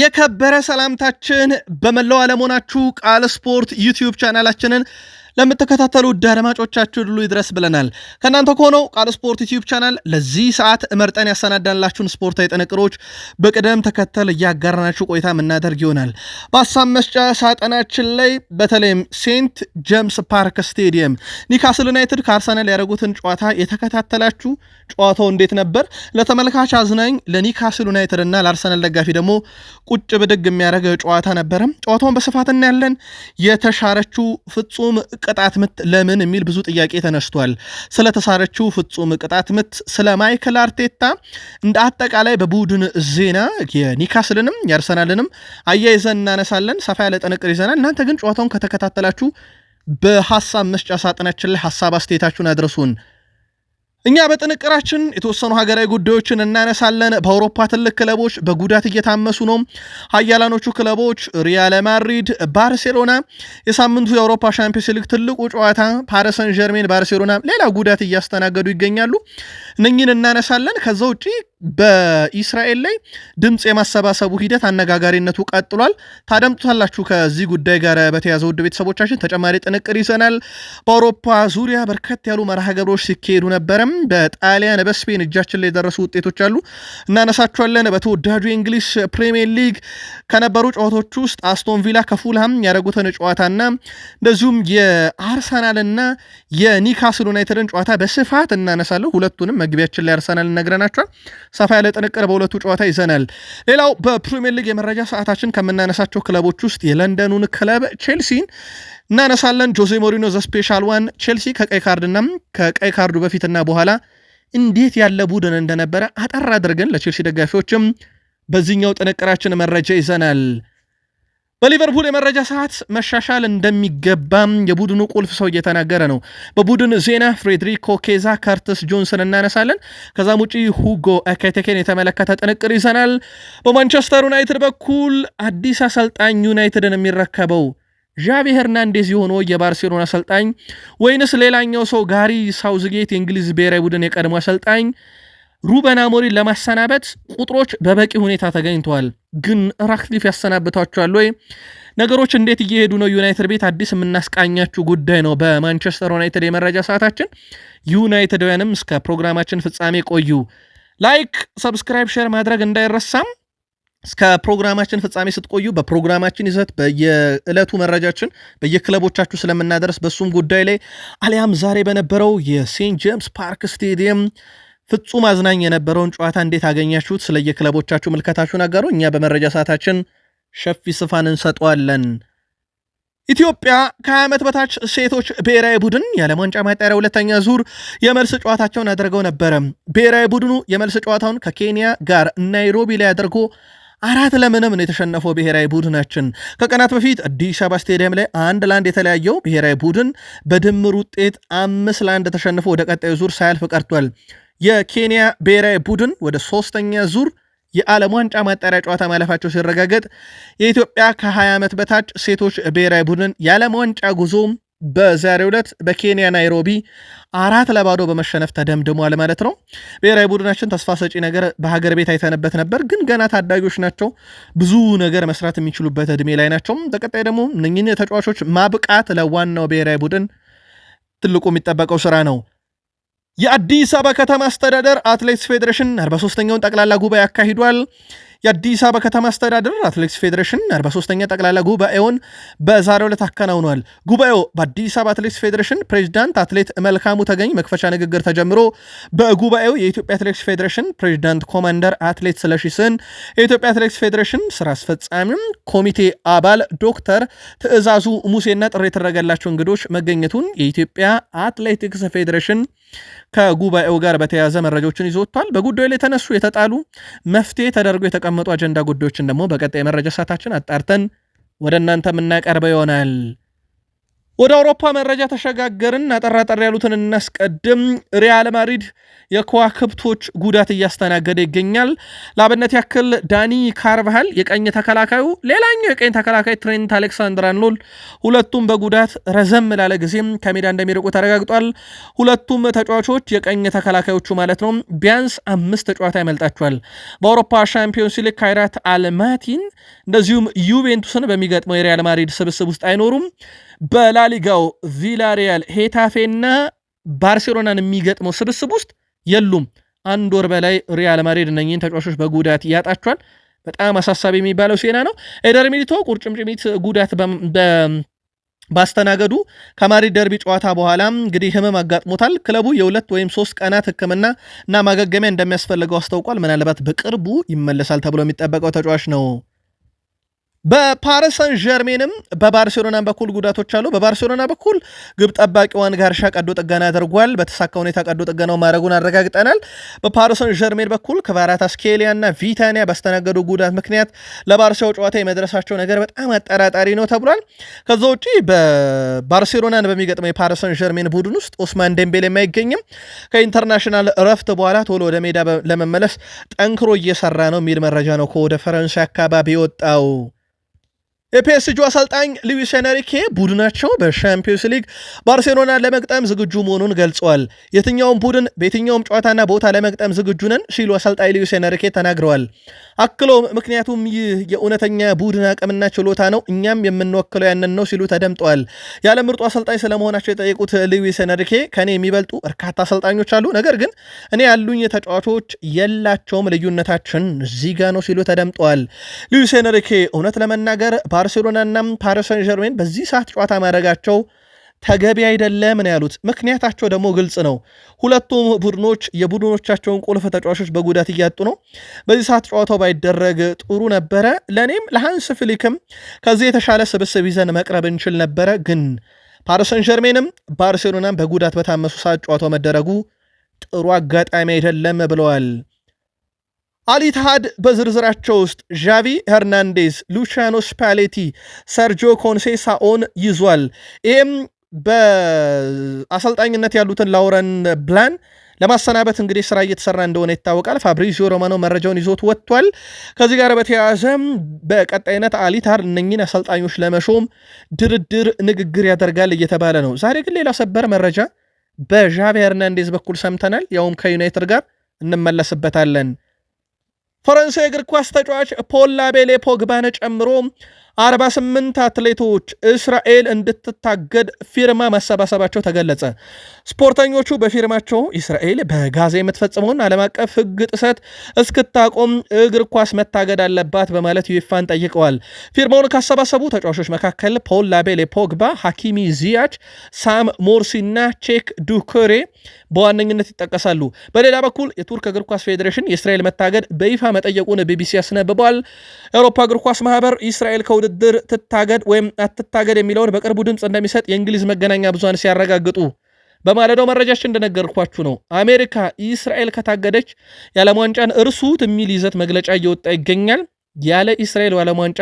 የከበረ ሰላምታችን በመላው ዓለም ሆናችሁ ቃል ስፖርት ዩቲዩብ ቻናላችንን ለምትከታተሉ ውድ አድማጮቻችን ሁሉ ይድረስ ብለናል። ከእናንተ ከሆነው ቃል ስፖርት ዩቲዩብ ቻናል ለዚህ ሰዓት መርጠን ያሰናዳንላችሁን ስፖርታዊ ጥንቅሮች በቅደም ተከተል እያጋራናችሁ ቆይታ የምናደርግ ይሆናል። በሀሳብ መስጫ ሳጥናችን ላይ በተለይም ሴንት ጀምስ ፓርክ ስቴዲየም ኒካስል ዩናይትድ ከአርሰናል ያደረጉትን ጨዋታ የተከታተላችሁ ጨዋታው እንዴት ነበር? ለተመልካች አዝናኝ ለኒካስል ዩናይትድ እና ለአርሰናል ደጋፊ ደግሞ ቁጭ ብድግ የሚያደርግ ጨዋታ ነበረም። ጨዋታውን በስፋት እናያለን። የተሻረችው ፍጹም ቅጣት ምት ለምን የሚል ብዙ ጥያቄ ተነስቷል። ስለተሳረችው ፍጹም ቅጣት ምት፣ ስለ ማይክል አርቴታ፣ እንደ አጠቃላይ በቡድን ዜና የኒካስልንም ያርሰናልንም አያይዘን እናነሳለን። ሰፋ ያለ ጥንቅር ይዘናል። እናንተ ግን ጨዋታውን ከተከታተላችሁ በሀሳብ መስጫ ሳጥናችን ላይ ሀሳብ አስተያየታችሁን አድረሱን። እኛ በጥንቅራችን የተወሰኑ ሀገራዊ ጉዳዮችን እናነሳለን። በአውሮፓ ትልቅ ክለቦች በጉዳት እየታመሱ ነው። ሀያላኖቹ ክለቦች ሪያል ማድሪድ፣ ባርሴሎና የሳምንቱ የአውሮፓ ሻምፒዮንስ ሊግ ትልቁ ጨዋታ ፓሪሰን ጀርሜን ባርሴሎና ሌላ ጉዳት እያስተናገዱ ይገኛሉ። እነኝን እናነሳለን። ከዛ ውጪ በኢስራኤል ላይ ድምፅ የማሰባሰቡ ሂደት አነጋጋሪነቱ ቀጥሏል። ታደምጡታላችሁ። ከዚህ ጉዳይ ጋር በተያዘ ውድ ቤተሰቦቻችን ተጨማሪ ጥንቅር ይዘናል። በአውሮፓ ዙሪያ በርከት ያሉ መርሃ ግብሮች ሲካሄዱ ነበረም። በጣሊያን በስፔን እጃችን ላይ የደረሱ ውጤቶች አሉ፣ እናነሳችኋለን። በተወዳጁ የእንግሊዝ ፕሪሚየር ሊግ ከነበሩ ጨዋታዎች ውስጥ አስቶን ቪላ ከፉልሃም ያደረጉትን ጨዋታና እንደዚሁም የአርሰናልና የኒካስል ዩናይትድን ጨዋታ በስፋት እናነሳለሁ ሁለቱንም መግቢያችን ላይ አርሰናል ይነግረናቸዋል። ሰፋ ያለ ጥንቅር በሁለቱ ጨዋታ ይዘናል። ሌላው በፕሪሚየር ሊግ የመረጃ ሰዓታችን ከምናነሳቸው ክለቦች ውስጥ የለንደኑን ክለብ ቼልሲን እናነሳለን። ጆዜ ሞሪኖ ዘ ስፔሻል ዋን ቼልሲ ከቀይ ካርድና ከቀይ ካርዱ በፊትና በኋላ እንዴት ያለ ቡድን እንደነበረ አጠር አድርገን ለቼልሲ ደጋፊዎችም በዚህኛው ጥንቅራችን መረጃ ይዘናል። በሊቨርፑል የመረጃ ሰዓት መሻሻል እንደሚገባም የቡድኑ ቁልፍ ሰው እየተናገረ ነው። በቡድን ዜና ፍሬድሪኮ ኬዛ፣ ከርትስ ጆንሰን እናነሳለን። ከዛም ውጪ ሁጎ ኤኪቲኬን የተመለከተ ጥንቅር ይዘናል። በማንቸስተር ዩናይትድ በኩል አዲስ አሰልጣኝ ዩናይትድን የሚረከበው ዣቪ ሄርናንዴዝ የሆነ የባርሴሎና አሰልጣኝ ወይንስ ሌላኛው ሰው ጋሪ ሳውዝጌት የእንግሊዝ ብሔራዊ ቡድን የቀድሞ አሰልጣኝ ሩበን አሞሪን ለማሰናበት ቁጥሮች በበቂ ሁኔታ ተገኝተዋል። ግን ራክሊፍ ያሰናብታቸዋል ወይ? ነገሮች እንዴት እየሄዱ ነው? ዩናይትድ ቤት አዲስ የምናስቃኛችሁ ጉዳይ ነው በማንቸስተር ዩናይትድ የመረጃ ሰዓታችን። ዩናይትዳውያንም እስከ ፕሮግራማችን ፍጻሜ ቆዩ። ላይክ፣ ሰብስክራይብ፣ ሼር ማድረግ እንዳይረሳም እስከ ፕሮግራማችን ፍጻሜ ስትቆዩ በፕሮግራማችን ይዘት በየዕለቱ መረጃችን በየክለቦቻችሁ ስለምናደርስ በሱም ጉዳይ ላይ አሊያም ዛሬ በነበረው የሴንት ጄምስ ፓርክ ስቴዲየም ፍጹም አዝናኝ የነበረውን ጨዋታ እንዴት አገኛችሁት? ስለየክለቦቻችሁ ምልከታችሁ ነገሩ። እኛ በመረጃ ሰዓታችን ሸፊ ስፋን እንሰጠዋለን። ኢትዮጵያ ከ20 ዓመት በታች ሴቶች ብሔራዊ ቡድን የዓለም ዋንጫ ማጣሪያ ሁለተኛ ዙር የመልስ ጨዋታቸውን አድርገው ነበረ። ብሔራዊ ቡድኑ የመልስ ጨዋታውን ከኬንያ ጋር ናይሮቢ ላይ አድርጎ አራት ለምንም ነው የተሸነፈው ብሔራዊ ቡድናችን። ከቀናት በፊት አዲስ አበባ ስቴዲየም ላይ አንድ ለአንድ የተለያየው ብሔራዊ ቡድን በድምር ውጤት አምስት ለአንድ ተሸንፎ ወደ ቀጣዩ ዙር ሳያልፍ ቀርቷል። የኬንያ ብሔራዊ ቡድን ወደ ሶስተኛ ዙር የዓለም ዋንጫ ማጣሪያ ጨዋታ ማለፋቸው ሲረጋገጥ የኢትዮጵያ ከ20 ዓመት በታች ሴቶች ብሔራዊ ቡድን የዓለም ዋንጫ ጉዞም በዛሬው ዕለት በኬንያ ናይሮቢ አራት ለባዶ በመሸነፍ ተደምድሟል ማለት ነው። ብሔራዊ ቡድናችን ተስፋ ሰጪ ነገር በሀገር ቤት አይተንበት ነበር፣ ግን ገና ታዳጊዎች ናቸው። ብዙ ነገር መስራት የሚችሉበት እድሜ ላይ ናቸው። በቀጣይ ደግሞ እነኝን ተጫዋቾች ማብቃት ለዋናው ብሔራዊ ቡድን ትልቁ የሚጠበቀው ስራ ነው። የአዲስ አበባ ከተማ አስተዳደር አትሌቲክስ ፌዴሬሽን 43ኛውን ጠቅላላ ጉባኤ አካሂዷል። የአዲስ አበባ ከተማ አስተዳደር አትሌቲክስ ፌዴሬሽን 43ኛ ጠቅላላ ጉባኤውን በዛሬው ዕለት አከናውኗል። ጉባኤው በአዲስ አበባ አትሌቲክስ ፌዴሬሽን ፕሬዚዳንት አትሌት መልካሙ ተገኝ መክፈቻ ንግግር ተጀምሮ በጉባኤው የኢትዮጵያ አትሌቲክስ ፌዴሬሽን ፕሬዚዳንት ኮማንደር አትሌት ስለሺ ስህን፣ የኢትዮጵያ አትሌቲክስ ፌዴሬሽን ስራ አስፈጻሚም ኮሚቴ አባል ዶክተር ትዕዛዙ ሙሴና ጥሪ የተደረገላቸው እንግዶች መገኘቱን የኢትዮጵያ አትሌቲክስ ፌዴሬሽን ከጉባኤው ጋር በተያያዘ መረጃዎችን ይዞ ወጥቷል። በጉዳዩ ላይ የተነሱ የተጣሉ መፍትሄ ተደርጎ የተቀመጡ አጀንዳ ጉዳዮችን ደግሞ በቀጣይ መረጃ ሰዓታችን አጣርተን ወደ እናንተ የምናቀርበው ይሆናል። ወደ አውሮፓ መረጃ ተሸጋገርን። አጠራጠር ያሉትን እናስቀድም። ሪያል ማድሪድ የከዋክብቶች ጉዳት እያስተናገደ ይገኛል። ለአብነት ያክል ዳኒ ካርቫሃል የቀኝ ተከላካዩ፣ ሌላኛው የቀኝ ተከላካይ ትሬንት አሌክሳንደር አንሎል ሁለቱም በጉዳት ረዘም ላለ ጊዜም ከሜዳ እንደሚርቁ ተረጋግጧል። ሁለቱም ተጫዋቾች የቀኝ ተከላካዮቹ ማለት ነው ቢያንስ አምስት ጨዋታ ያመልጣቸዋል። በአውሮፓ ሻምፒዮንስ ሊግ ካይራት አልማቲን እንደዚሁም ዩቬንቱስን በሚገጥመው የሪያል ማድሪድ ስብስብ ውስጥ አይኖሩም። በላሊጋው ቪላሪያል፣ ሄታፌና ባርሴሎናን የሚገጥመው ስብስብ ውስጥ የሉም። አንድ ወር በላይ ሪያል ማድሪድ እነኝህን ተጫዋቾች በጉዳት ያጣቸዋል። በጣም አሳሳቢ የሚባለው ዜና ነው። ኤደር ሚሊቶ ቁርጭምጭሚት ጉዳት ባስተናገዱ ከማድሪድ ደርቢ ጨዋታ በኋላ እንግዲህ ህመም አጋጥሞታል። ክለቡ የሁለት ወይም ሶስት ቀናት ሕክምና እና ማገገሚያ እንደሚያስፈልገው አስታውቋል። ምናልባት በቅርቡ ይመለሳል ተብሎ የሚጠበቀው ተጫዋች ነው። በፓሪሰን ጀርሜንም በባርሴሎና በኩል ጉዳቶች አሉ። በባርሴሎና በኩል ግብ ጠባቂዋን ጋርሻ ቀዶ ጥገና አድርጓል። በተሳካ ሁኔታ ቀዶ ጥገናው ማድረጉን አረጋግጠናል። በፓሪሰን ጀርሜን በኩል ክቫራትስኬሊያ እና ቪታኒያ ባስተናገዱ ጉዳት ምክንያት ለባርሳው ጨዋታ የመድረሳቸው ነገር በጣም አጠራጣሪ ነው ተብሏል። ከዛ ውጭ በባርሴሎናን በሚገጥመው የፓሪሰን ጀርሜን ቡድን ውስጥ ኦስማን ደምቤል የማይገኝም ከኢንተርናሽናል እረፍት በኋላ ቶሎ ወደ ሜዳ ለመመለስ ጠንክሮ እየሰራ ነው የሚል መረጃ ነው ከወደ ፈረንሳይ አካባቢ የወጣው። የፒኤስጂ አሰልጣኝ ሉዊስ ኤንሪኬ ቡድናቸው በሻምፒዮንስ ሊግ ባርሴሎና ለመግጠም ዝግጁ መሆኑን ገልጸዋል። የትኛውም ቡድን በየትኛውም ጨዋታና ቦታ ለመግጠም ዝግጁ ነን ሲሉ አሰልጣኝ ሉዊስ ኤንሪኬ ተናግረዋል። አክሎም ምክንያቱም ይህ የእውነተኛ ቡድን አቅምና ችሎታ ነው፣ እኛም የምንወክለው ያንን ነው ሲሉ ተደምጠዋል። የዓለም ምርጡ አሰልጣኝ ስለመሆናቸው የጠየቁት ሉዊስ ኤንሪኬ ከእኔ የሚበልጡ በርካታ አሰልጣኞች አሉ፣ ነገር ግን እኔ ያሉኝ ተጫዋቾች የላቸውም፣ ልዩነታችን እዚህ ጋ ነው ሲሉ ተደምጠዋል። ሉዊስ ኤንሪኬ እውነት ለመናገር ባርሴሎናና ፓሪስ ሰን በዚህ ሰዓት ጨዋታ ማድረጋቸው ተገቢ አይደለም ነው ያሉት። ምክንያታቸው ደግሞ ግልጽ ነው። ሁለቱም ቡድኖች የቡድኖቻቸውን ቁልፍ ተጫዋቾች በጉዳት እያጡ ነው። በዚህ ሰዓት ጨዋታው ባይደረግ ጥሩ ነበረ። ለእኔም ለሃንስ ፍሊክም ከዚህ የተሻለ ስብስብ ይዘን መቅረብ እንችል ነበረ። ግን ፓሪሰን ጀርሜንም ዠርሜንም ባርሴሎናም በጉዳት በታመሱ ሰዓት ጨዋታው መደረጉ ጥሩ አጋጣሚ አይደለም ብለዋል። አሊትሃድ በዝርዝራቸው ውስጥ ዣቪ ሄርናንዴዝ፣ ሉቺያኖ ስፓሌቲ፣ ሰርጂዮ ኮንሴሳኦን ይዟል። ይህም በአሰልጣኝነት ያሉትን ላውረን ብላን ለማሰናበት እንግዲህ ስራ እየተሰራ እንደሆነ ይታወቃል። ፋብሪዚዮ ሮማኖ መረጃውን ይዞት ወጥቷል። ከዚህ ጋር በተያያዘ በቀጣይነት አሊታር እነኝን አሰልጣኞች ለመሾም ድርድር፣ ንግግር ያደርጋል እየተባለ ነው። ዛሬ ግን ሌላ ሰበር መረጃ በዣቪ ሄርናንዴዝ በኩል ሰምተናል። ያውም ከዩናይትድ ጋር እንመለስበታለን። ፈረንሳይ እግር ኳስ ተጫዋች ፖል ላቤሌ ፖግባን ጨምሮ 48 አትሌቶች እስራኤል እንድትታገድ ፊርማ ማሰባሰባቸው ተገለጸ። ስፖርተኞቹ በፊርማቸው እስራኤል በጋዛ የምትፈጽመውን ዓለም አቀፍ ሕግ ጥሰት እስክታቆም እግር ኳስ መታገድ አለባት በማለት ዩፋን ጠይቀዋል። ፊርማውን ካሰባሰቡ ተጫዋቾች መካከል ፖል ላቤሌ ፖግባ፣ ሐኪሚ ዚያች፣ ሳም ሞርሲና ቼክ ዱኮሬ በዋነኝነት ይጠቀሳሉ። በሌላ በኩል የቱርክ እግር ኳስ ፌዴሬሽን የእስራኤል መታገድ በይፋ መጠየቁን ቢቢሲ አስነብቧል። የአውሮፓ እግር ኳስ ማህበር እስራኤል ከውድድር ትታገድ ወይም አትታገድ የሚለውን በቅርቡ ድምፅ እንደሚሰጥ የእንግሊዝ መገናኛ ብዙሃን ሲያረጋግጡ በማለዳው መረጃችን እንደነገርኳችሁ ነው። አሜሪካ እስራኤል ከታገደች የዓለም ዋንጫን እርሱት የሚል ይዘት መግለጫ እየወጣ ይገኛል። ያለ እስራኤል የዓለም ዋንጫ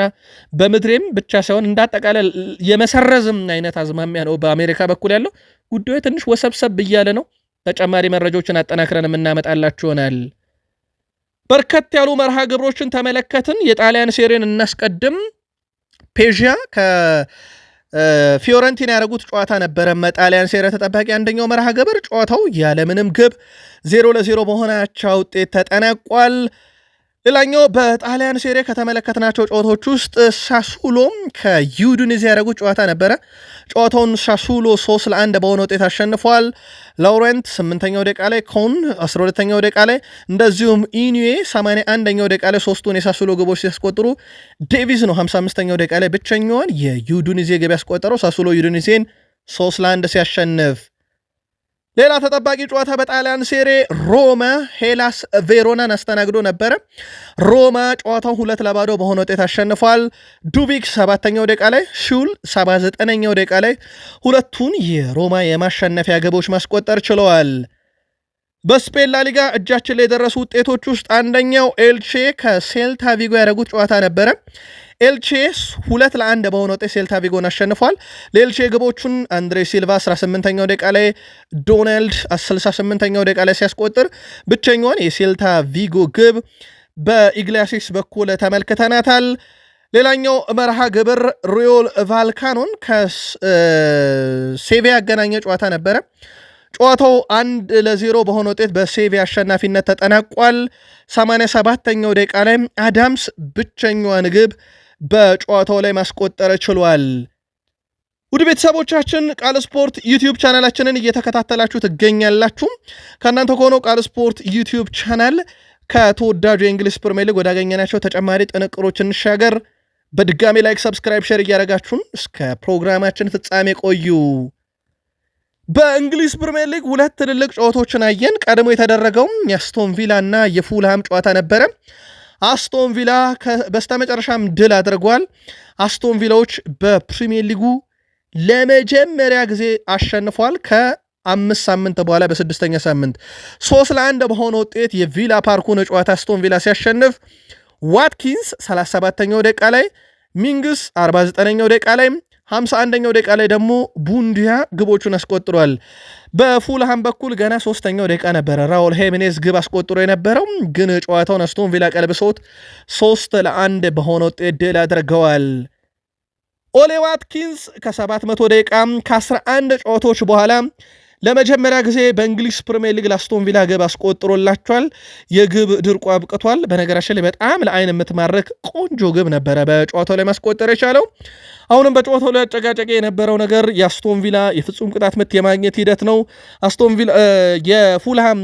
በምድሬም ብቻ ሳይሆን እንዳጠቃላይ የመሰረዝም አይነት አዝማሚያ ነው በአሜሪካ በኩል ያለው። ጉዳዩ ትንሽ ወሰብሰብ እያለ ነው። ተጨማሪ መረጃዎችን አጠናክረን የምናመጣላችሁ ይሆናል። በርከት ያሉ መርሃ ግብሮችን ተመለከትን። የጣሊያን ሴሬን እናስቀድም። ከ ፊዮረንቲና ያደረጉት ጨዋታ ነበረ። መጣሊያን ሴራ ተጠባቂ አንደኛው መርሃ ግብር ጨዋታው ያለምንም ግብ ዜሮ ለዜሮ በሆነ አቻ ውጤት ተጠናቋል። ሌላኛው በጣሊያን ሴሬ ከተመለከትናቸው ጨዋታዎች ውስጥ ሳሱሎም ከዩዲኔዜ ያደረጉት ጨዋታ ነበረ። ጨዋታውን ሳሱሎ ሶስት ለአንድ በሆነ ውጤት አሸንፏል። ላውረንት ስምንተኛው ደቂቃ ላይ፣ ኮን አስራ ሁለተኛው ደቂቃ ላይ እንደዚሁም ኢኒዌ ሰማንያ አንደኛው ደቂቃ ላይ ሶስቱን የሳሱሎ ግቦች ሲያስቆጥሩ ዴቪዝ ነው ሀምሳ አምስተኛው ደቂቃ ላይ ብቸኛዋን የዩዲኔዜ ግብ ያስቆጠረው። ሳሱሎ ዩዲኔዜን ሶስት ለአንድ ሲያሸንፍ ሌላ ተጠባቂ ጨዋታ በጣሊያን ሴሬ ሮማ ሄላስ ቬሮናን አስተናግዶ ነበረ። ሮማ ጨዋታው ሁለት ለባዶ በሆነ ውጤት አሸንፏል። ዱቪክ ሰባተኛው ደቂቃ ላይ፣ ሹል ሰባ ዘጠነኛው ደቂቃ ላይ ሁለቱን የሮማ የማሸነፊያ ግቦች ማስቆጠር ችለዋል። በስፔን ላሊጋ እጃችን ላይ የደረሱ ውጤቶች ውስጥ አንደኛው ኤልቼ ከሴልታ ቪጎ ያደረጉት ጨዋታ ነበረ። ኤልቼስ ሁለት ለአንድ በሆነ ውጤት ሴልታ ቪጎን አሸንፏል። ለኤልቼ ግቦቹን አንድሬ ሲልቫ 18ኛው ደቂቃ ላይ፣ ዶናልድ 68ኛው ደቂቃ ላይ ሲያስቆጥር ብቸኛዋን የሴልታ ቪጎ ግብ በኢግሊያሲስ በኩል ተመልክተናታል። ሌላኛው መርሃ ግብር ሪዮል ቫልካኖን ከሴቪያ ያገናኘ ጨዋታ ነበረ። ጨዋታው አንድ ለዜሮ በሆነ ውጤት በሴቪያ አሸናፊነት ተጠናቋል። 87ኛው ደቂቃ ላይ አዳምስ ብቸኛዋን ግብ በጨዋታው ላይ ማስቆጠር ችሏል። ውድ ቤተሰቦቻችን ቃል ስፖርት ዩቲዩብ ቻናላችንን እየተከታተላችሁ ትገኛላችሁ። ከእናንተ ከሆነው ቃል ስፖርት ዩቲዩብ ቻናል ከተወዳጁ የእንግሊዝ ፕሪሚየር ሊግ ወዳገኘናቸው ተጨማሪ ጥንቅሮች እንሻገር። በድጋሚ ላይክ፣ ሰብስክራይብ፣ ሼር እያደረጋችሁን እስከ ፕሮግራማችን ፍጻሜ ቆዩ። በእንግሊዝ ፕሪሚየር ሊግ ሁለት ትልልቅ ጨዋታዎችን አየን። ቀድሞ የተደረገውም የአስቶን ቪላ እና የፉልሃም ጨዋታ ነበረ። አስቶን ቪላ በስተመጨረሻም ድል አድርጓል። አስቶን ቪላዎች በፕሪሚየር ሊጉ ለመጀመሪያ ጊዜ አሸንፏል ከአምስት ሳምንት በኋላ በስድስተኛ ሳምንት ሶስት ለአንድ በሆነ ውጤት የቪላ ፓርኩን ጨዋታ አስቶን ቪላ ሲያሸንፍ ዋትኪንስ 37ኛው ደቂቃ ላይ ሚንግስ 49ኛው ደቂቃ ላይ ሃምሳ አንደኛው ደቂቃ ላይ ደግሞ ቡንዲያ ግቦቹን አስቆጥሯል። በፉልሃም በኩል ገና ሶስተኛው ደቂቃ ነበረ ራውል ሄሜኔዝ ግብ አስቆጥሮ የነበረው ግን ጨዋታውን አስቶን ቪላ ቀልብሶት ሶስት ለአንድ በሆነ ውጤት ድል አድርገዋል። ኦሌ ዋትኪንስ ከ700 ደቂቃ ከ11 ጨዋታዎች በኋላ ለመጀመሪያ ጊዜ በእንግሊዝ ፕሪሚየር ሊግ ላስቶን ቪላ ግብ አስቆጥሮላቸዋል። የግብ ድርቁ አብቅቷል። በነገራችን ላይ በጣም ለአይን የምትማርክ ቆንጆ ግብ ነበረ በጨዋታው ላይ ማስቆጠር የቻለው። አሁንም በጨዋታው ላይ አጨቃጨቂ የነበረው ነገር የአስቶን ቪላ የፍጹም ቅጣት ምት የማግኘት ሂደት ነው። አስቶን ቪላ የፉልሃም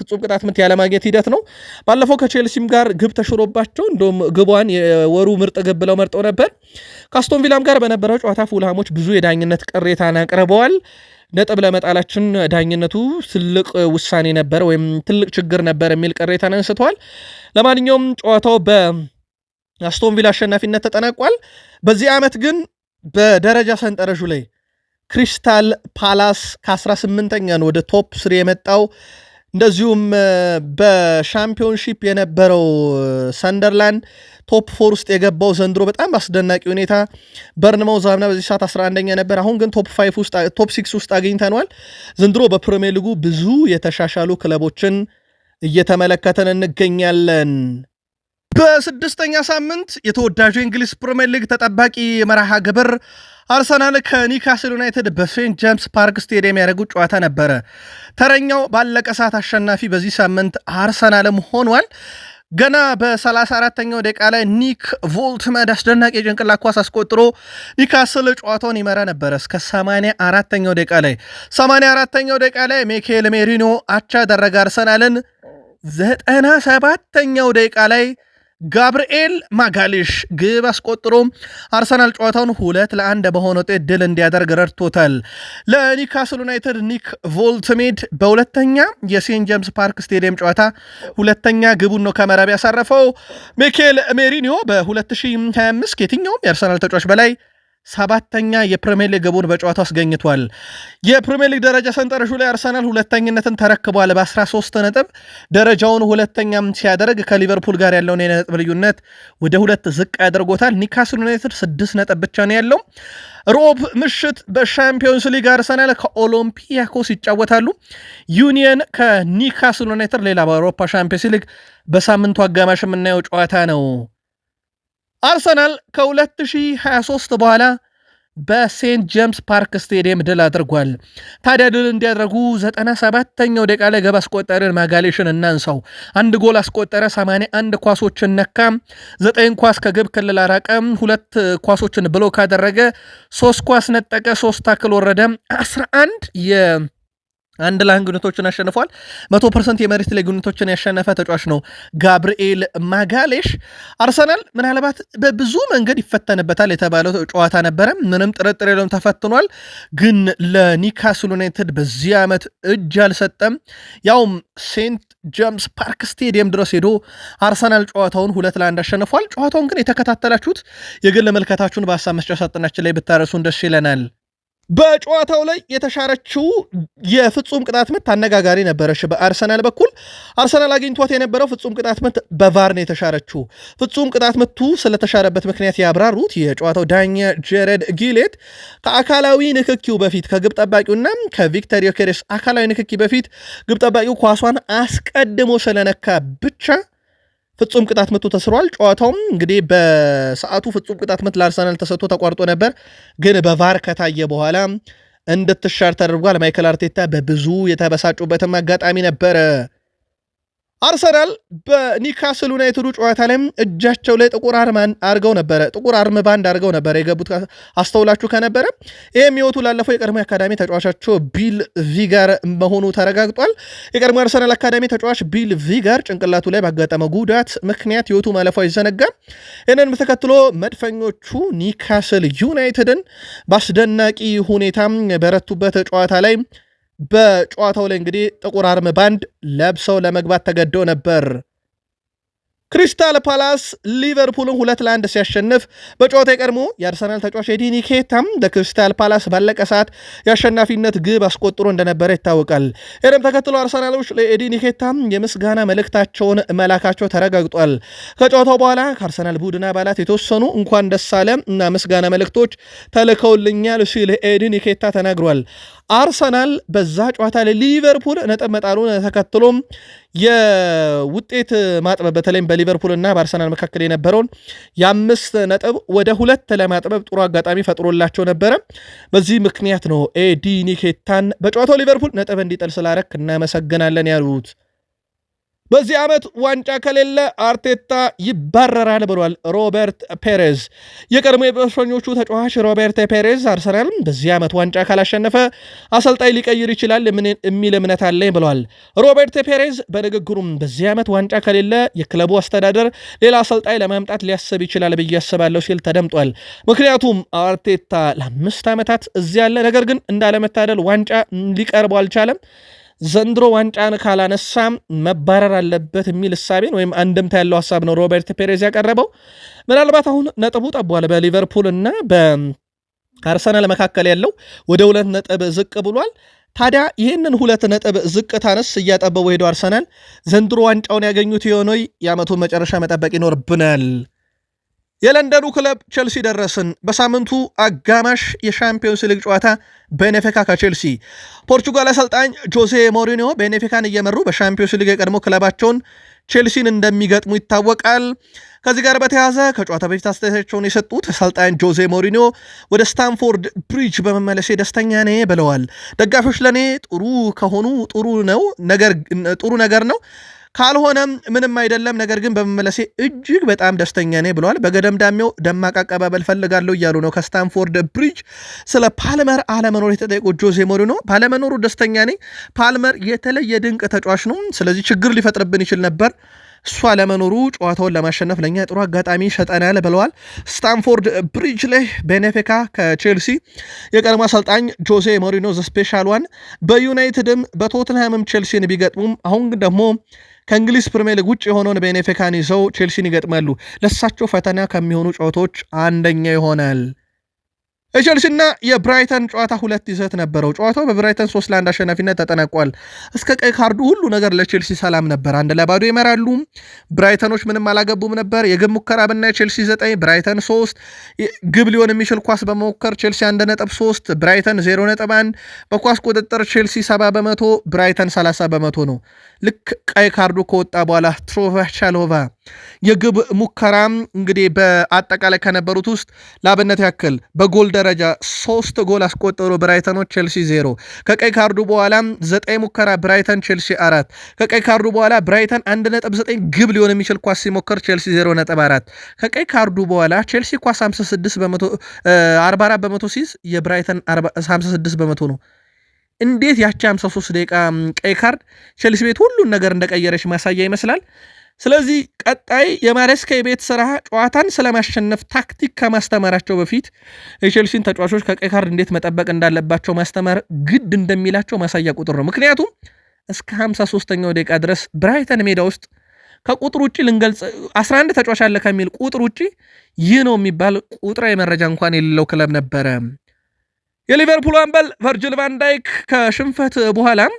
ፍጹም ቅጣት ምት ያለማግኘት ሂደት ነው። ባለፈው ከቼልሲም ጋር ግብ ተሽሮባቸው እንደውም ግቧን የወሩ ምርጥ ግብ ብለው መርጠው ነበር። ከአስቶን ቪላም ጋር በነበረው ጨዋታ ፉልሃሞች ብዙ የዳኝነት ቅሬታን አቅርበዋል። ነጥብ ለመጣላችን ዳኝነቱ ትልቅ ውሳኔ ነበር ወይም ትልቅ ችግር ነበር የሚል ቅሬታን አንስተዋል። ለማንኛውም ጨዋታው በአስቶን ቪላ አሸናፊነት ተጠናቋል። በዚህ ዓመት ግን በደረጃ ሰንጠረዡ ላይ ክሪስታል ፓላስ ከ18ኛን ወደ ቶፕ ስሪ የመጣው እንደዚሁም በሻምፒዮንሺፕ የነበረው ሰንደርላንድ ቶፕ ፎር ውስጥ የገባው ዘንድሮ በጣም በአስደናቂ ሁኔታ በርንማው አምና በዚህ ሰዓት 11ኛ ነበር። አሁን ግን ቶፕ ፋይቭ ውስጥ ቶፕ ሲክስ ውስጥ አግኝተነዋል። ዘንድሮ በፕሪሚየር ሊጉ ብዙ የተሻሻሉ ክለቦችን እየተመለከተን እንገኛለን። በስድስተኛ ሳምንት የተወዳጁ የእንግሊዝ ፕሪሚየር ሊግ ተጠባቂ መርሃ ግብር አርሰናል ከኒካስል ዩናይትድ በሴንት ጄምስ ፓርክ ስቴዲየም ያደረጉት ጨዋታ ነበረ። ተረኛው ባለቀ ሰዓት አሸናፊ በዚህ ሳምንት አርሰናልም ሆኗል። ገና በ34ኛው ደቂቃ ላይ ኒክ ቮልትመድ አስደናቂ የጭንቅላት ኳስ አስቆጥሮ ኒካስል ጨዋታውን ይመራ ነበረ እስከ 84ኛው ደቂቃ ላይ 84ኛው ደቂቃ ላይ ሚኬል ሜሪኖ አቻ ያደረገ አርሰናልን 97ኛው ደቂቃ ላይ ጋብርኤል ማጋሊሽ ግብ አስቆጥሮ አርሰናል ጨዋታውን ሁለት ለአንድ በሆነ ውጤት ድል እንዲያደርግ ረድቶታል። ለኒካስል ዩናይትድ ኒክ ቮልትሜድ በሁለተኛ የሴንት ጀምስ ፓርክ ስቴዲየም ጨዋታ ሁለተኛ ግቡን ነው ከመረብ ያሳረፈው። ሚኬል ሜሪኒዮ በ2025 ከየትኛውም የአርሰናል ተጫዋች በላይ ሰባተኛ የፕሪሚየር ሊግ ግቡን በጨዋታ አስገኝቷል። የፕሪሚየር ሊግ ደረጃ ሰንጠረዡ ላይ አርሰናል ሁለተኝነትን ተረክቧል በ13 ነጥብ ደረጃውን ሁለተኛም ሲያደርግ ከሊቨርፑል ጋር ያለውን የነጥብ ልዩነት ወደ ሁለት ዝቅ ያደርጎታል። ኒካስል ዩናይትድ 6 ነጥብ ብቻ ነው ያለው። ሮብ ምሽት በሻምፒዮንስ ሊግ አርሰናል ከኦሎምፒያኮስ ይጫወታሉ። ዩኒየን ከኒካስል ዩናይትድ ሌላ በአውሮፓ ሻምፒዮንስ ሊግ በሳምንቱ አጋማሽ የምናየው ጨዋታ ነው። አርሰናል ከ2023 በኋላ በሴንት ጄምስ ፓርክ ስቴዲየም ድል አድርጓል። ታዲያ ድል እንዲያደርጉ 97ኛው ደቂቃ ላይ ግብ አስቆጠርን ማጋሌሽን እናንሳው። አንድ ጎል አስቆጠረ፣ 81 ኳሶችን ነካ፣ 9 ኳስ ከግብ ክልል አራቀ፣ ሁለት ኳሶችን ብሎክ አደረገ፣ 3 ኳስ ነጠቀ፣ 3 ታክል ወረደ፣ 11 የ አንድ ላይ ግንኙነቶችን አሸንፏል። መቶ ፐርሰንት የመሬት ላይ ግንኙነቶችን ያሸነፈ ተጫዋች ነው ጋብርኤል ማጋሌሽ። አርሰናል ምናልባት በብዙ መንገድ ይፈተንበታል የተባለው ጨዋታ ነበረ፣ ምንም ጥርጥር የለውም ተፈትኗል። ግን ለኒካስል ዩናይትድ በዚህ ዓመት እጅ አልሰጠም። ያውም ሴንት ጀምስ ፓርክ ስቴዲየም ድረስ ሄዶ አርሰናል ጨዋታውን ሁለት ለአንድ አሸንፏል። ጨዋታውን ግን የተከታተላችሁት የግል መልከታችሁን በሀሳብ መስጫ ሳጥናችን ላይ ብታረሱን ደስ ይለናል። በጨዋታው ላይ የተሻረችው የፍጹም ቅጣት ምት አነጋጋሪ ነበረች። በአርሰናል በኩል አርሰናል አግኝቷት የነበረው ፍጹም ቅጣት ምት በቫር ነው የተሻረችው። ፍጹም ቅጣት ምቱ ስለተሻረበት ምክንያት ያብራሩት የጨዋታው ዳኛ ጀረድ ጊሌት ከአካላዊ ንክኪው በፊት ከግብ ጠባቂውና ከቪክተር ዮኬሬስ አካላዊ ንክኪ በፊት ግብ ጠባቂው ኳሷን አስቀድሞ ስለነካ ብቻ ፍጹም ቅጣት መቶ ተስሯል። ጨዋታውም እንግዲህ በሰዓቱ ፍጹም ቅጣት መት ለአርሰናል ተሰጥቶ ተቋርጦ ነበር፣ ግን በቫር ከታየ በኋላ እንድትሻር ተደርጓል። ማይክል አርቴታ በብዙ የተበሳጩበትም አጋጣሚ ነበር። አርሰናል በኒካስል ዩናይትዱ ጨዋታ ላይም እጃቸው ላይ ጥቁር አርማ አርገው ነበረ ጥቁር አርም ባንድ አርገው ነበረ የገቡት አስተውላችሁ ከነበረ ይህም የሚወቱ ላለፈው የቀድሞ አካዳሚ ተጫዋቻቸው ቢል ቪጋር መሆኑ ተረጋግጧል። የቀድሞ አርሰናል አካዳሚ ተጫዋች ቢል ቪጋር ጭንቅላቱ ላይ ባጋጠመ ጉዳት ምክንያት ህይወቱ ማለፉ አይዘነጋም። ይህንን ተከትሎ መድፈኞቹ ኒካስል ዩናይትድን በአስደናቂ ሁኔታ በረቱበት ጨዋታ ላይ በጨዋታው ላይ እንግዲህ ጥቁር አርም ባንድ ለብሰው ለመግባት ተገደው ነበር። ክሪስታል ፓላስ ሊቨርፑልን ሁለት ለአንድ ሲያሸንፍ በጨዋታ የቀድሞ የአርሰናል ተጫዋች ኤዲን ኬታም ለክሪስታል ፓላስ ባለቀ ሰዓት የአሸናፊነት ግብ አስቆጥሮ እንደነበረ ይታወቃል። ይህንም ተከትሎ አርሰናሎች ለኤዲኒ ኬታም የምስጋና መልእክታቸውን መላካቸው ተረጋግጧል። ከጨዋታው በኋላ ከአርሰናል ቡድን አባላት የተወሰኑ እንኳን ደስ አለ እና ምስጋና መልእክቶች ተልከውልኛል ሲል ኤዲኒ ኬታ ተናግሯል። አርሰናል በዛ ጨዋታ ላይ ሊቨርፑል ነጥብ መጣሉን ተከትሎም የውጤት ማጥበብ በተለይም በሊቨርፑል እና በአርሰናል መካከል የነበረውን የአምስት ነጥብ ወደ ሁለት ለማጥበብ ጥሩ አጋጣሚ ፈጥሮላቸው ነበረ። በዚህ ምክንያት ነው ኤዲ ኒኬታን በጨዋታው ሊቨርፑል ነጥብ እንዲጥል ስላረክ እናመሰግናለን ያሉት። በዚህ ዓመት ዋንጫ ከሌለ አርቴታ ይባረራል ብሏል ሮበርት ፔሬዝ። የቀድሞ የበስፈኞቹ ተጫዋች ሮበርት ፔሬዝ አርሰናል በዚህ ዓመት ዋንጫ ካላሸነፈ አሰልጣኝ ሊቀይር ይችላል የሚል እምነት አለኝ ብለዋል ሮበርት ፔሬዝ። በንግግሩም በዚህ ዓመት ዋንጫ ከሌለ የክለቡ አስተዳደር ሌላ አሰልጣኝ ለማምጣት ሊያስብ ይችላል ብዬ አስባለሁ ሲል ተደምጧል። ምክንያቱም አርቴታ ለአምስት ዓመታት እዚህ ያለ ነገር ግን እንዳለመታደል ዋንጫ ሊቀርቡ አልቻለም። ዘንድሮ ዋንጫን ካላነሳ መባረር አለበት የሚል እሳቤን ወይም አንድምታ ያለው ሀሳብ ነው ሮበርት ፔሬዝ ያቀረበው። ምናልባት አሁን ነጥቡ ጠቧል በሊቨርፑል እና በአርሰናል መካከል ያለው ወደ ሁለት ነጥብ ዝቅ ብሏል። ታዲያ ይህንን ሁለት ነጥብ ዝቅታንስ እያጠበበው ሄደው አርሰናል ዘንድሮ ዋንጫውን ያገኙት የሆነ የዓመቱን መጨረሻ መጠበቅ ይኖርብናል። የለንደኑ ክለብ ቸልሲ ደረስን። በሳምንቱ አጋማሽ የሻምፒዮንስ ሊግ ጨዋታ ቤኔፊካ ከቸልሲ። ፖርቹጋል አሰልጣኝ ጆዜ ሞሪኒዮ ቤኔፊካን እየመሩ በሻምፒዮንስ ሊግ የቀድሞ ክለባቸውን ቼልሲን እንደሚገጥሙ ይታወቃል። ከዚህ ጋር በተያያዘ ከጨዋታ በፊት አስተያየታቸውን የሰጡት አሰልጣኝ ጆዜ ሞሪኒዮ ወደ ስታንፎርድ ብሪጅ በመመለሴ ደስተኛ ነ ብለዋል። ደጋፊዎች ለእኔ ጥሩ ከሆኑ ጥሩ ነው ጥሩ ነገር ነው ካልሆነም ምንም አይደለም፣ ነገር ግን በመመለሴ እጅግ በጣም ደስተኛ ነኝ ብለዋል። በገደምዳሜው ደማቅ አቀባበል ፈልጋለሁ እያሉ ነው። ከስታንፎርድ ብሪጅ ስለ ፓልመር አለመኖር የተጠየቁት ጆዜ ሞሪኖ ባለመኖሩ ደስተኛ ነኝ፣ ፓልመር የተለየ ድንቅ ተጫዋች ነው፣ ስለዚህ ችግር ሊፈጥርብን ይችል ነበር እሱ አለመኖሩ ጨዋታውን ለማሸነፍ ለእኛ ጥሩ አጋጣሚ ሸጠናል ብለዋል። ስታንፎርድ ብሪጅ ላይ ቤኔፌካ ከቼልሲ የቀድሞ አሰልጣኝ ጆሴ ሞሪኖ ዘ ስፔሻል ዋን በዩናይትድም በቶትንሃምም ቼልሲን ቢገጥሙም አሁን ደግሞ ከእንግሊዝ ፕሪሚየር ሊግ ውጭ የሆነውን ቤኔፊካን ይዘው ቼልሲን ይገጥማሉ። ለሳቸው ፈተና ከሚሆኑ ጨዋታዎች አንደኛ ይሆናል። የቸልሲና የብራይተን ጨዋታ ሁለት ይዘት ነበረው። ጨዋታው በብራይተን ሶስት ለአንድ አሸናፊነት ተጠናቋል። እስከ ቀይ ካርዱ ሁሉ ነገር ለቼልሲ ሰላም ነበር። አንድ ለባዶ ይመራሉ። ብራይተኖች ምንም አላገቡም ነበር። የግብ ሙከራ ብናይ ቼልሲ ዘጠኝ ብራይተን ሶስት ግብ ሊሆን የሚችል ኳስ በመሞከር ቼልሲ አንድ ነጥብ ሶስት ብራይተን ዜሮ ነጥብ አንድ በኳስ ቁጥጥር ቼልሲ ሰባ በመቶ ብራይተን ሰላሳ በመቶ ነው። ልክ ቀይ ካርዱ ከወጣ በኋላ ቻሎቫ የግብ ሙከራም እንግዲህ በአጠቃላይ ከነበሩት ውስጥ ለአብነት ያክል በጎል ደረጃ ሶስት ጎል አስቆጠሩ ብራይተኖች፣ ቼልሲ ዜሮ። ከቀይ ካርዱ በኋላ ዘጠኝ ሙከራ ብራይተን፣ ቼልሲ አራት። ከቀይ ካርዱ በኋላ ብራይተን አንድ ነጥብ ዘጠኝ ግብ ሊሆን የሚችል ኳስ ሲሞከር ቼልሲ ዜሮ ነጥብ አራት። ከቀይ ካርዱ በኋላ ቼልሲ ኳስ 56 በመቶ 44 በመቶ ሲይዝ የብራይተን 56 በመቶ ነው። እንዴት ያቺ 53 ደቂቃ ቀይ ካርድ ቼልሲ ቤት ሁሉን ነገር እንደቀየረች ማሳያ ይመስላል። ስለዚህ ቀጣይ የማረስካ የቤት ስራ ጨዋታን ስለማሸነፍ ታክቲክ ከማስተማራቸው በፊት የቼልሲን ተጫዋቾች ከቀይ ካርድ እንዴት መጠበቅ እንዳለባቸው ማስተማር ግድ እንደሚላቸው ማሳያ ቁጥር ነው። ምክንያቱም እስከ 53ኛው ደቂቃ ድረስ ብራይተን ሜዳ ውስጥ ከቁጥር ውጭ ልንገልጽ 11 ተጫዋች አለ ከሚል ቁጥር ውጭ ይህ ነው የሚባል ቁጥራዊ መረጃ እንኳን የሌለው ክለብ ነበረ። የሊቨርፑል አምበል ቨርጅል ቫንዳይክ ከሽንፈት በኋላም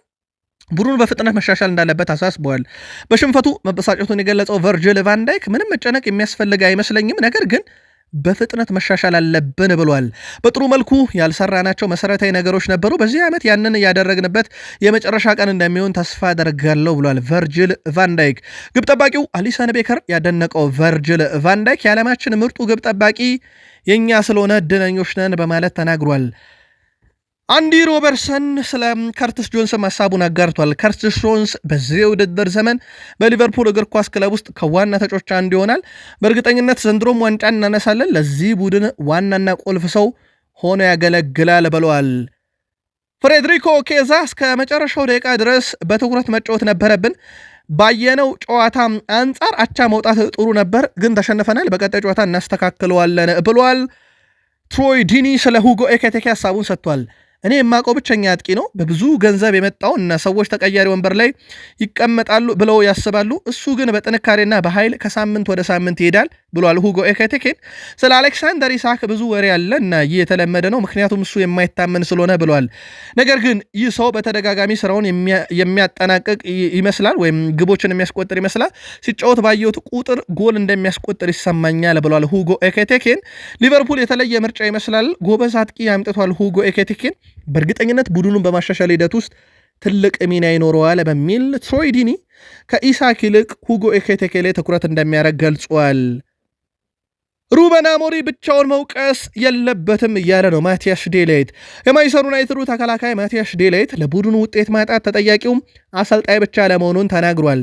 ቡድኑ በፍጥነት መሻሻል እንዳለበት አሳስበዋል። በሽንፈቱ መበሳጨቱን የገለጸው ቨርጅል ቫንዳይክ ምንም መጨነቅ የሚያስፈልግ አይመስለኝም፣ ነገር ግን በፍጥነት መሻሻል አለብን ብሏል። በጥሩ መልኩ ያልሰራናቸው መሰረታዊ ነገሮች ነበሩ። በዚህ ዓመት ያንን እያደረግንበት የመጨረሻ ቀን እንደሚሆን ተስፋ አደርጋለሁ ብሏል ቨርጅል ቫንዳይክ። ግብ ጠባቂው አሊሰን ቤከር ያደነቀው ቨርጅል ቫንዳይክ የዓለማችን ምርጡ ግብ ጠባቂ የእኛ ስለሆነ እድለኞች ነን በማለት ተናግሯል። አንዲ ሮበርሰን ስለ ከርትስ ጆንስም ሀሳቡን አጋርቷል። ከርትስ ጆንስ በዚህ ውድድር ዘመን በሊቨርፑል እግር ኳስ ክለብ ውስጥ ከዋና ተጫዋቾች አንዱ ይሆናል። በእርግጠኝነት ዘንድሮም ዋንጫ እናነሳለን። ለዚህ ቡድን ዋናና ቁልፍ ሰው ሆኖ ያገለግላል ብለዋል። ፍሬድሪኮ ኬዛ እስከ መጨረሻው ደቂቃ ድረስ በትኩረት መጫወት ነበረብን። ባየነው ጨዋታ አንጻር አቻ መውጣት ጥሩ ነበር፣ ግን ተሸንፈናል። በቀጣይ ጨዋታ እናስተካክለዋለን ብሏል። ትሮይ ዲኒ ስለ ሁጎ ኤኬቴኬ ሀሳቡን ሰጥቷል። እኔ የማውቀው ብቸኛ አጥቂ ነው። በብዙ ገንዘብ የመጣው እና ሰዎች ተቀያሪ ወንበር ላይ ይቀመጣሉ ብለው ያስባሉ። እሱ ግን በጥንካሬና በኃይል ከሳምንት ወደ ሳምንት ይሄዳል ብሏል ሁጎ ኤኬቴኬን። ስለ አሌክሳንደር ኢሳክ ብዙ ወሬ አለ እና ይህ የተለመደ ነው፣ ምክንያቱም እሱ የማይታመን ስለሆነ ብሏል። ነገር ግን ይህ ሰው በተደጋጋሚ ስራውን የሚያጠናቅቅ ይመስላል፣ ወይም ግቦችን የሚያስቆጥር ይመስላል። ሲጫወት ባየሁት ቁጥር ጎል እንደሚያስቆጥር ይሰማኛል ብሏል ሁጎ ኤኬቴኬን። ሊቨርፑል የተለየ ምርጫ ይመስላል። ጎበዝ አጥቂ አምጥቷል ሁጎ ኤኬቴኬን በእርግጠኝነት ቡድኑን በማሻሻል ሂደት ውስጥ ትልቅ ሚና ይኖረዋል በሚል ትሮይ ከኢሳክ ይልቅ ሁጎ ኤኬቴኬ ላይ ትኩረት እንደሚያደርግ ገልጿል። ሩበን አሞሪ ብቻውን መውቀስ የለበትም እያለ ነው ማቲያስ ዴሌይት። የማይሰሩ ዩናይትዱ ተከላካይ ማቲያሽ ዴሌይት ለቡድኑ ውጤት ማጣት ተጠያቂውም አሰልጣኝ ብቻ ለመሆኑን ተናግሯል።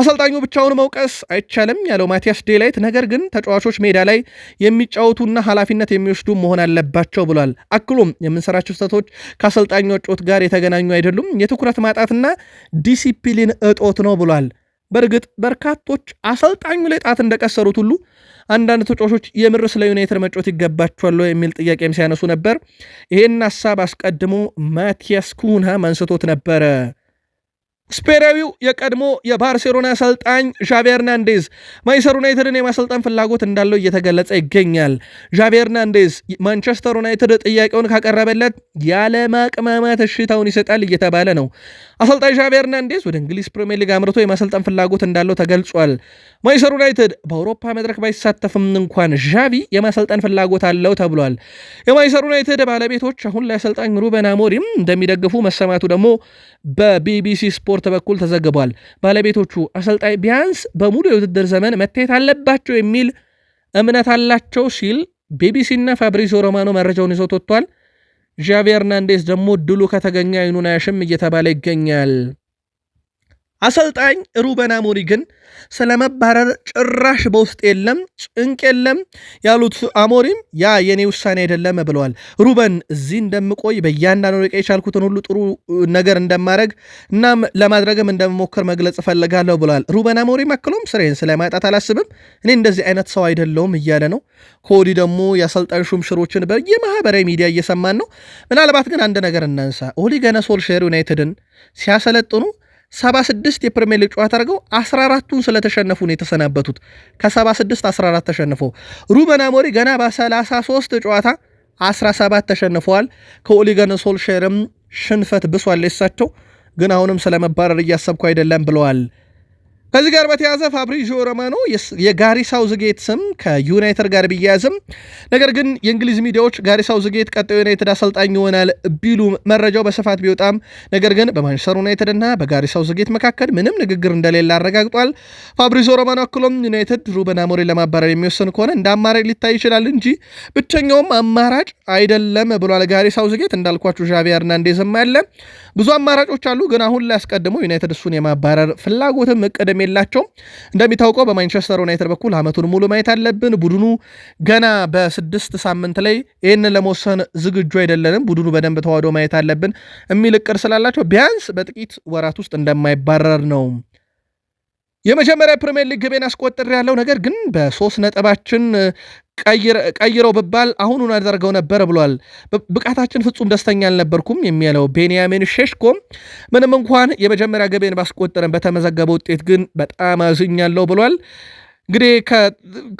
አሰልጣኙ ብቻውን መውቀስ አይቻልም ያለው ማቲያስ ዴሌይት፣ ነገር ግን ተጫዋቾች ሜዳ ላይ የሚጫወቱና ኃላፊነት የሚወስዱ መሆን አለባቸው ብሏል። አክሎም የምንሰራቸው ስህተቶች ከአሰልጣኙ ጮት ጋር የተገናኙ አይደሉም፣ የትኩረት ማጣትና ዲሲፕሊን እጦት ነው ብሏል። በእርግጥ በርካቶች አሰልጣኙ ላይ ጣት እንደቀሰሩት ሁሉ አንዳንድ ተጫዋቾች የምር ስለ ዩናይትድ መጫወት ይገባቸዋል የሚል ጥያቄም ሲያነሱ ነበር። ይህን ሀሳብ አስቀድሞ ማቲያስ ኩንሃ አንስቶት ነበረ። ስፔራዊው የቀድሞ የባርሴሎና አሰልጣኝ ዣቪ ሄርናንዴዝ ማንቸስተር ዩናይትድን የማሰልጣን ፍላጎት እንዳለው እየተገለጸ ይገኛል። ዣቪ ሄርናንዴዝ ማንቸስተር ዩናይትድ ጥያቄውን ካቀረበለት ያለማቅማማት እሽታውን ይሰጣል እየተባለ ነው። አሰልጣኝ ዣቪ ኤርናንዴዝ ወደ እንግሊዝ ፕሪምየር ሊግ አምርቶ የማሰልጠን ፍላጎት እንዳለው ተገልጿል። ማንቸስተር ዩናይትድ በአውሮፓ መድረክ ባይሳተፍም እንኳን ዣቪ የማሰልጠን ፍላጎት አለው ተብሏል። የማንቸስተር ዩናይትድ ባለቤቶች አሁን ላይ አሰልጣኝ ሩበን አሞሪም እንደሚደግፉ መሰማቱ ደግሞ በቢቢሲ ስፖርት በኩል ተዘግቧል። ባለቤቶቹ አሰልጣኝ ቢያንስ በሙሉ የውድድር ዘመን መታየት አለባቸው የሚል እምነት አላቸው ሲል ቢቢሲና ፋብሪዚዮ ሮማኖ መረጃውን ይዞት ወጥቷል። ዣቪ ሄርናንዴዝ ደግሞ ድሉ ከተገኘ አይኑን አያሽም እየተባለ ይገኛል። አሰልጣኝ ሩበን አሞሪ ግን ስለመባረር ጭራሽ በውስጥ የለም ጭንቅ የለም ያሉት አሞሪም ያ የኔ ውሳኔ አይደለም ብለዋል። ሩበን እዚህ እንደምቆይ በእያንዳንዱ ደቂቃ የቻልኩትን ሁሉ ጥሩ ነገር እንደማድረግ እናም ለማድረግም እንደምሞክር መግለጽ እፈልጋለሁ ብለዋል። ሩበን አሞሪም አክሎም ስሬን ስለማጣት አላስብም፣ እኔ እንደዚህ አይነት ሰው አይደለውም እያለ ነው። ከወዲህ ደግሞ የአሰልጣኝ ሹምሽሮችን በየማህበራዊ ሚዲያ እየሰማን ነው። ምናልባት ግን አንድ ነገር እናንሳ። ኦሊ ገነ ሶልሼር ዩናይትድን ሲያሰለጥኑ 76 የፕሪሚየር ሊግ ጨዋታ አድርገው 14ቱን ስለተሸነፉ ነው የተሰናበቱት። ከ76 14 ተሸንፈው ሩበን አሞሪ ገና በ33 ጨዋታ 17 ተሸንፈዋል። ከኦሊገን ሶልሼርም ሽንፈት ብሷል። የሳቸው ግን አሁንም ስለመባረር እያሰብኩ አይደለም ብለዋል። ከዚህ ጋር በተያዘ ፋብሪዚዮ ሮማኖ የጋሪ ሳውዝጌት ስም ከዩናይትድ ጋር ቢያያዝም ነገር ግን የእንግሊዝ ሚዲያዎች ጋሪ ሳውዝጌት ቀጣዩ ዩናይትድ አሰልጣኝ ይሆናል ቢሉ መረጃው በስፋት ቢወጣም ነገር ግን በማንቸስተር ዩናይትድ እና በጋሪ ሳውዝጌት መካከል ምንም ንግግር እንደሌለ አረጋግጧል። ፋብሪዚዮ ሮማኖ አክሎም ዩናይትድ ሩበን አሞሪም ለማባረር የሚወስን ከሆነ እንደ አማራጭ ሊታይ ይችላል እንጂ ብቸኛውም አማራጭ አይደለም ብሏል። ጋሪ ሳውዝጌት እንዳልኳችሁ ዣቪ አርናንዴዝም አለ፣ ብዙ አማራጮች አሉ። ግን አሁን ላይ አስቀድሞ ዩናይትድ እሱን የማባረር ፍላጎትም እቅድም የላቸውም። እንደሚታወቀው በማንቸስተር ዩናይትድ በኩል አመቱን ሙሉ ማየት አለብን። ቡድኑ ገና በስድስት ሳምንት ላይ ይህንን ለመወሰን ዝግጁ አይደለንም፣ ቡድኑ በደንብ ተዋህዶ ማየት አለብን የሚል እቅድ ስላላቸው ቢያንስ በጥቂት ወራት ውስጥ እንደማይባረር ነው የመጀመሪያ ፕሪሚየር ሊግ ግቤን አስቆጥር ያለው ነገር ግን በሶስት ነጥባችን ቀይረው ብባል አሁኑን አደርገው ነበር ብሏል። ብቃታችን ፍጹም ደስተኛ አልነበርኩም የሚለው ቤንያሚን ሼሽኮም ምንም እንኳን የመጀመሪያ ግቤን ባስቆጠረን በተመዘገበ ውጤት ግን በጣም አዝኛለሁ ብሏል። እንግዲህ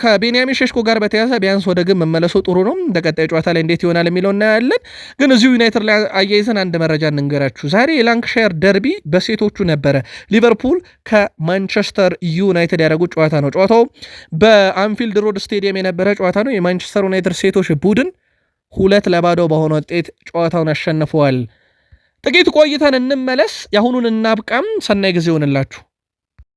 ከቤንያሚን ሸሽኮ ጋር በተያዘ ቢያንስ ወደ ግብ መመለሱ ጥሩ ነው። በቀጣዩ ጨዋታ ላይ እንዴት ይሆናል የሚለው እናያለን። ግን እዚሁ ዩናይትድ ላይ አያይዘን አንድ መረጃ እንንገራችሁ። ዛሬ የላንክሻየር ደርቢ በሴቶቹ ነበረ። ሊቨርፑል ከማንቸስተር ዩናይትድ ያደረጉት ጨዋታ ነው። ጨዋታው በአንፊልድ ሮድ ስቴዲየም የነበረ ጨዋታ ነው። የማንቸስተር ዩናይትድ ሴቶች ቡድን ሁለት ለባዶ በሆነ ውጤት ጨዋታውን አሸንፈዋል። ጥቂት ቆይተን እንመለስ። የአሁኑን እናብቃም። ሰናይ ጊዜ ይሆንላችሁ።